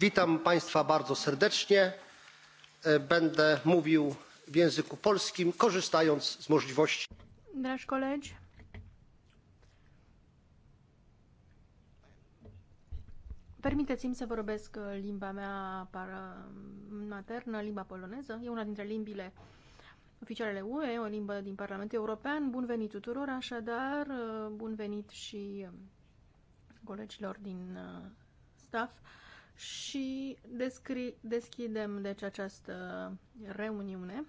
witam państwa bardzo serdecznie. będę mówił w języku polskim korzystając z możliwości. dragi colegi permiteți mi să vorbesc limba mea maternă, limba poloneză. E una dintre limbile oficialele UE, o limbă din Parlamentul European. Bun venit tuturor, așadar, bun venit și colegilor din uh, staff și descri, deschidem deci această reuniune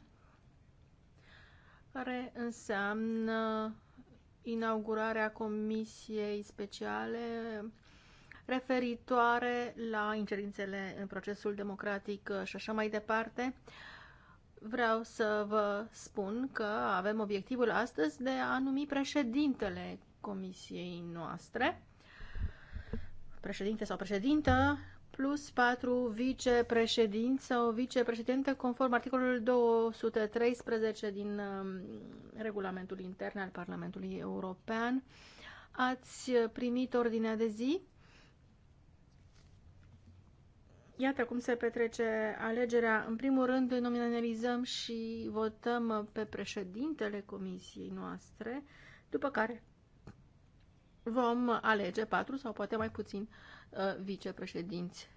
care înseamnă inaugurarea comisiei speciale referitoare la incerințele în procesul democratic și așa mai departe. Vreau să vă spun că avem obiectivul astăzi de a numi președintele comisiei noastre, președinte sau președintă, plus patru vicepreședinți sau vicepreședinte conform articolului 213 din um, regulamentul intern al Parlamentului European. Ați primit ordinea de zi? Iată cum se petrece alegerea. În primul rând nominalizăm și votăm pe președintele comisiei noastre, după care vom alege patru sau poate mai puțin Uh, vicepreședinți.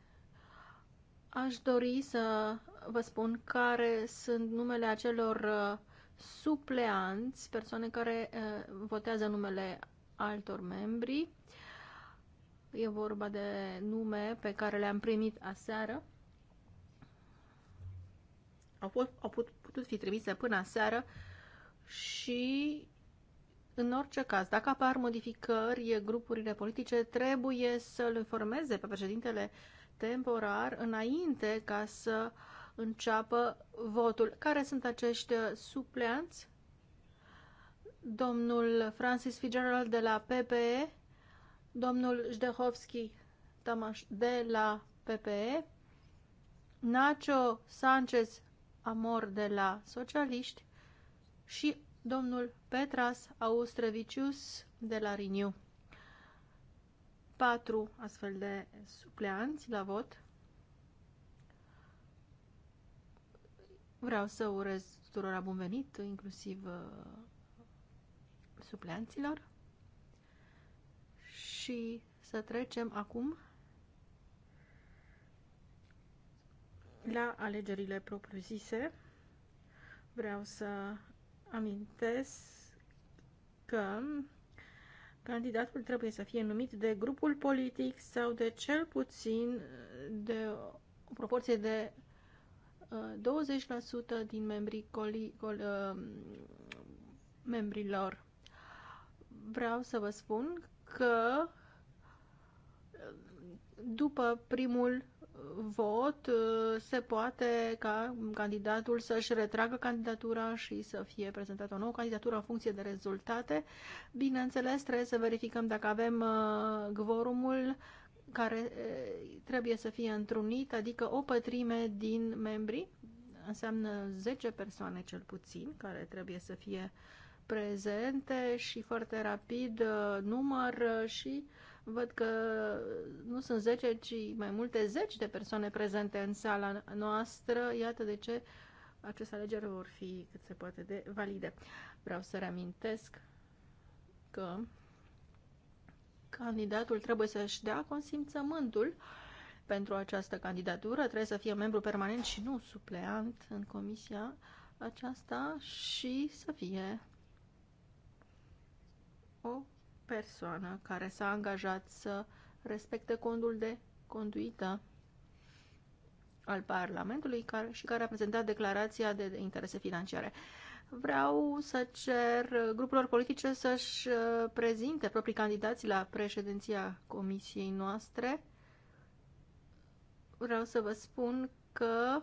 Aș dori să vă spun care sunt numele acelor uh, supleanți, persoane care uh, votează numele altor membri. E vorba de nume pe care le-am primit aseară. Au, fost, au put, putut fi trimise până aseară și în orice caz, dacă apar modificări, grupurile politice trebuie să-l informeze pe președintele temporar înainte ca să înceapă votul. Care sunt acești supleanți? Domnul Francis Fitzgerald de la PPE, domnul Jdehovski Tamaș de la PPE, Nacho Sanchez Amor de la Socialiști și domnul Petras Austrevicius de la Riniu. Patru astfel de supleanți la vot. Vreau să urez tuturor bun venit, inclusiv uh, supleanților. Și să trecem acum la alegerile propriu-zise. Vreau să amintesc că candidatul trebuie să fie numit de grupul politic sau de cel puțin de o proporție de 20% uh, din membrii coli, col, uh, membrilor. Vreau să vă spun că uh, după primul vot uh, se poate ca candidatul să-și retragă candidatura și să fie prezentată o nouă candidatură în funcție de rezultate. Bineînțeles, trebuie să verificăm dacă avem gvorumul uh, care uh, trebuie să fie întrunit, adică o pătrime din membri, înseamnă 10 persoane cel puțin care trebuie să fie prezente și foarte rapid număr și uh, Văd că nu sunt 10, ci mai multe zeci de persoane prezente în sala noastră. Iată de ce aceste alegeri vor fi cât se poate de valide. Vreau să reamintesc că candidatul trebuie să-și dea consimțământul pentru această candidatură, trebuie să fie membru permanent și nu supleant în comisia aceasta și să fie o persoană care s-a angajat să respecte condul de conduită al Parlamentului și care a prezentat declarația de interese financiare. Vreau să cer grupurilor politice să-și uh, prezinte proprii candidați la președinția comisiei noastre. Vreau să vă spun că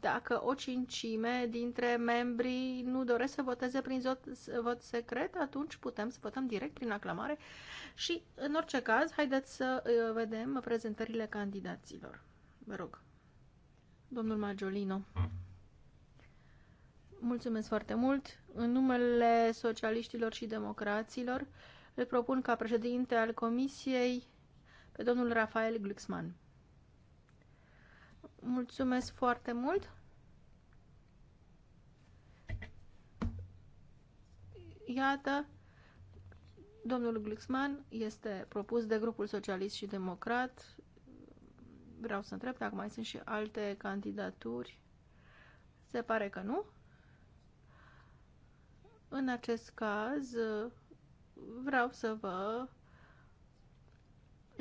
dacă o cincime dintre membrii nu doresc să voteze prin vot secret, atunci putem să votăm direct prin aclamare și, în orice caz, haideți să uh, vedem prezentările candidaților. Vă rog. Domnul Magiolino. Mulțumesc foarte mult. În numele socialiștilor și democraților, îl propun ca președinte al Comisiei pe domnul Rafael Glucksmann. Mulțumesc foarte mult! Iată, domnul Glucksmann este propus de grupul socialist și democrat. Vreau să întreb dacă mai sunt și alte candidaturi. Se pare că nu. În acest caz, vreau să vă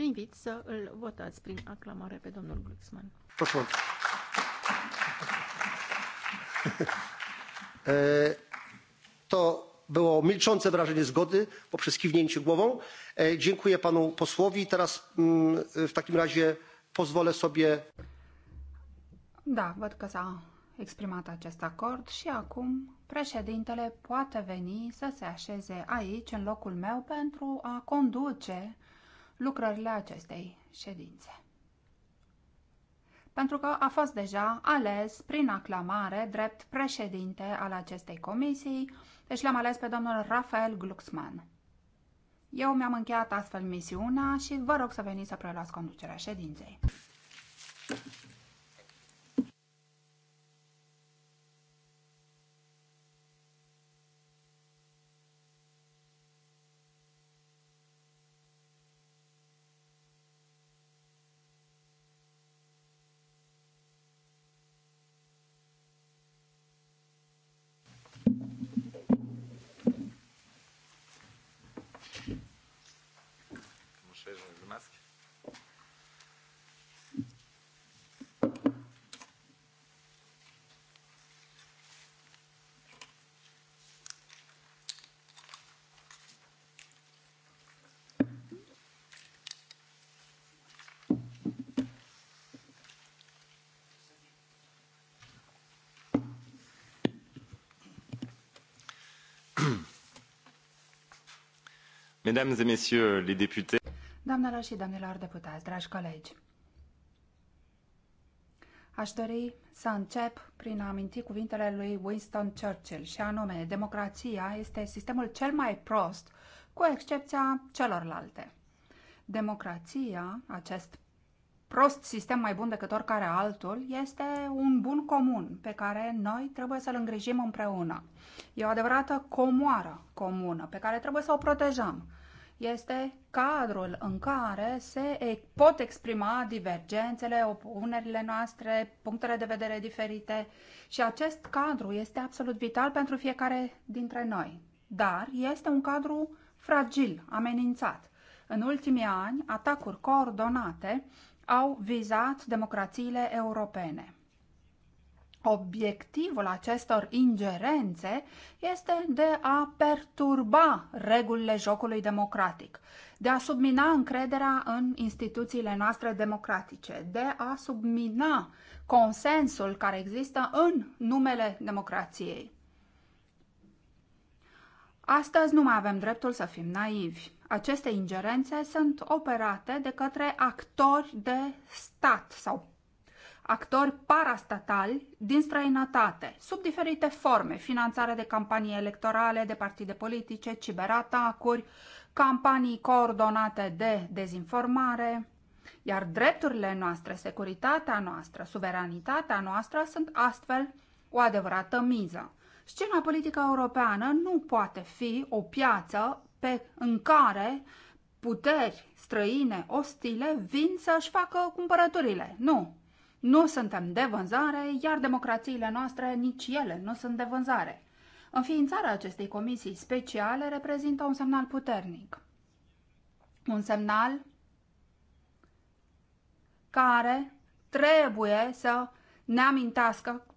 invit să îl votați prin aclamare pe domnul Glucksmann. To było milczące wrażenie zgody poprzez kiwnięcie głową. Dziękuję panu posłowi. Teraz mm, w takim razie pozwolę sobie. Da, văd că s-a exprimat acest acord și acum președintele poate veni să se așeze aici, în locul meu, pentru a conduce lucrările acestei ședințe. Pentru că a fost deja ales prin aclamare drept președinte al acestei comisii, deci l-am ales pe domnul Rafael Glucksmann. Eu mi-am încheiat astfel misiunea și vă rog să veniți să preluați conducerea ședinței. Mesdames et messieurs les députés. Doamnelor și domnilor deputați, dragi colegi, aș dori să încep prin a aminti cuvintele lui Winston Churchill și anume, democrația este sistemul cel mai prost, cu excepția celorlalte. Democrația, acest prost sistem mai bun decât oricare altul este un bun comun pe care noi trebuie să-l îngrijim împreună. E o adevărată comoară comună pe care trebuie să o protejăm. Este cadrul în care se pot exprima divergențele, opunerile noastre, punctele de vedere diferite și acest cadru este absolut vital pentru fiecare dintre noi. Dar este un cadru fragil, amenințat. În ultimii ani, atacuri coordonate au vizat democrațiile europene. Obiectivul acestor ingerențe este de a perturba regulile jocului democratic, de a submina încrederea în instituțiile noastre democratice, de a submina consensul care există în numele democrației. Astăzi nu mai avem dreptul să fim naivi aceste ingerențe sunt operate de către actori de stat sau actori parastatali din străinătate, sub diferite forme, finanțare de campanii electorale, de partide politice, ciberatacuri, campanii coordonate de dezinformare, iar drepturile noastre, securitatea noastră, suveranitatea noastră sunt astfel o adevărată miză. Scena politică europeană nu poate fi o piață pe, în care puteri străine, ostile, vin să-și facă cumpărăturile. Nu! Nu suntem de vânzare, iar democrațiile noastre, nici ele, nu sunt de vânzare. Înființarea acestei comisii speciale reprezintă un semnal puternic. Un semnal care trebuie să ne amintească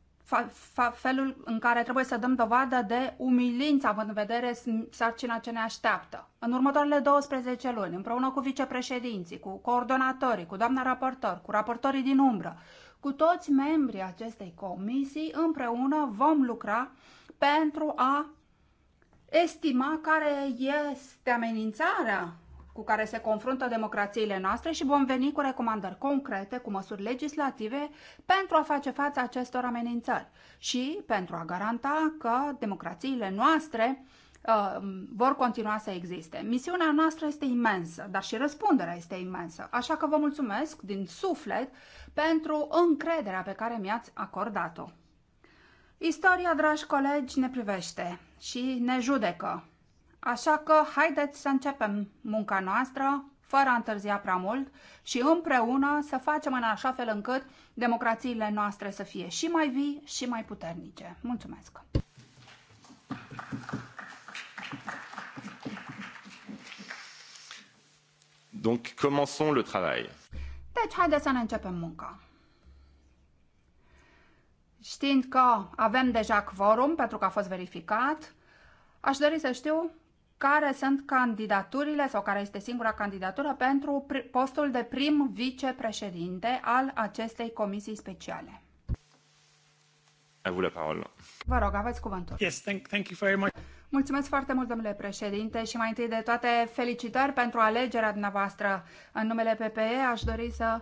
felul în care trebuie să dăm dovadă de umilință, având în vedere sarcina ce ne așteaptă. În următoarele 12 luni, împreună cu vicepreședinții, cu coordonatorii, cu doamna raportor, cu raportorii din umbră, cu toți membrii acestei comisii, împreună vom lucra pentru a estima care este amenințarea cu care se confruntă democrațiile noastre și vom veni cu recomandări concrete, cu măsuri legislative pentru a face față acestor amenințări și pentru a garanta că democrațiile noastre uh, vor continua să existe. Misiunea noastră este imensă, dar și răspunderea este imensă, așa că vă mulțumesc din suflet pentru încrederea pe care mi-ați acordat-o. Istoria, dragi colegi, ne privește și ne judecă. Așa că haideți să începem munca noastră fără a întârzia prea mult și împreună să facem în așa fel încât democrațiile noastre să fie și mai vii și mai puternice. Mulțumesc! Donc, commençons le travail. Deci, haideți să ne începem munca. Știind că avem deja quorum pentru că a fost verificat, aș dori să știu care sunt candidaturile sau care este singura candidatură pentru postul de prim vicepreședinte al acestei comisii speciale. Vă rog, aveți cuvântul. Yes, thank, thank you very much. Mulțumesc foarte mult, domnule președinte, și mai întâi de toate felicitări pentru alegerea dumneavoastră. În numele PPE aș dori să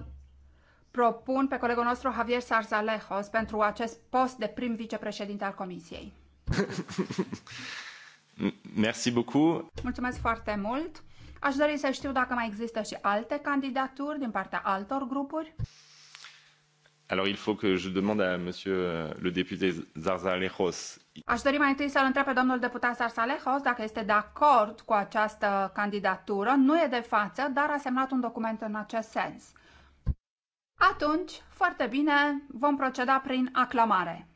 propun pe colegul nostru Javier Sarzalejos pentru acest post de prim vicepreședinte al Comisiei. Merci beaucoup. Mulțumesc foarte mult. Aș dori să știu dacă mai există și alte candidaturi din partea altor grupuri. Alors il faut que je demande à monsieur euh, le député Zarzalejos. Aș dori mai întâi să-l întreb pe domnul deputat Zarzalejos dacă este de acord cu această candidatură. Nu e de față, dar a semnat un document în acest sens. Atunci, foarte bine, vom proceda prin aclamare.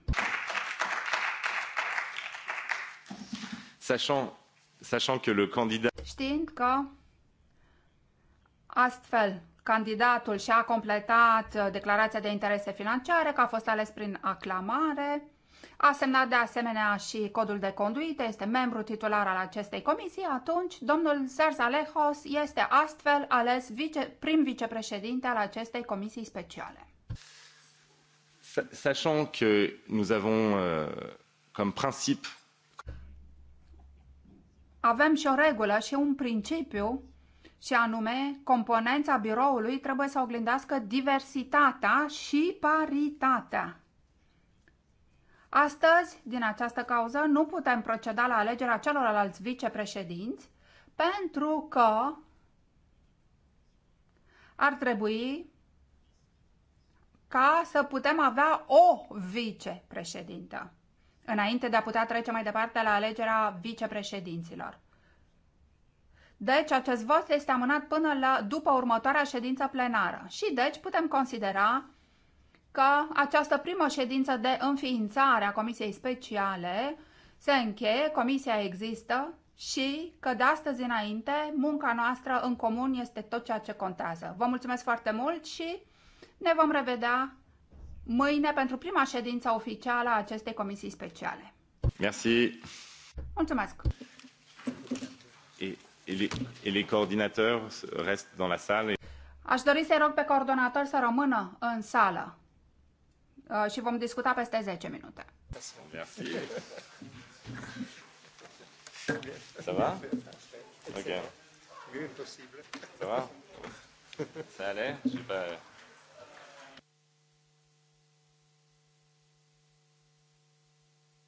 sachant, que le candidat... Știind că astfel candidatul și-a completat uh, declarația de interese financiare, că a fost ales prin aclamare, a semnat de asemenea și codul de conduită, este membru titular al acestei comisii, atunci domnul Serz Alejos este astfel ales vice, prim vicepreședinte al acestei comisii speciale. Sachant că nous avons uh, comme principe avem și o regulă și un principiu și anume componența biroului trebuie să oglindească diversitatea și paritatea. Astăzi, din această cauză, nu putem proceda la alegerea celorlalți vicepreședinți pentru că ar trebui ca să putem avea o vicepreședintă înainte de a putea trece mai departe la alegerea vicepreședinților. Deci, acest vot este amânat până la, după următoarea ședință plenară și deci putem considera că această primă ședință de înființare a Comisiei Speciale se încheie, Comisia există și că de astăzi înainte munca noastră în comun este tot ceea ce contează. Vă mulțumesc foarte mult și ne vom revedea mâine pentru prima ședință oficială a acestei comisii speciale. Merci. Mulțumesc. Et, et, les, et les coordinateurs restent dans la salle. Aș dori să-i rog pe coordonator să rămână în sală uh, și vom discuta peste 10 minute. Merci. Ça va? Ok. Ça va? Ça allait? Super.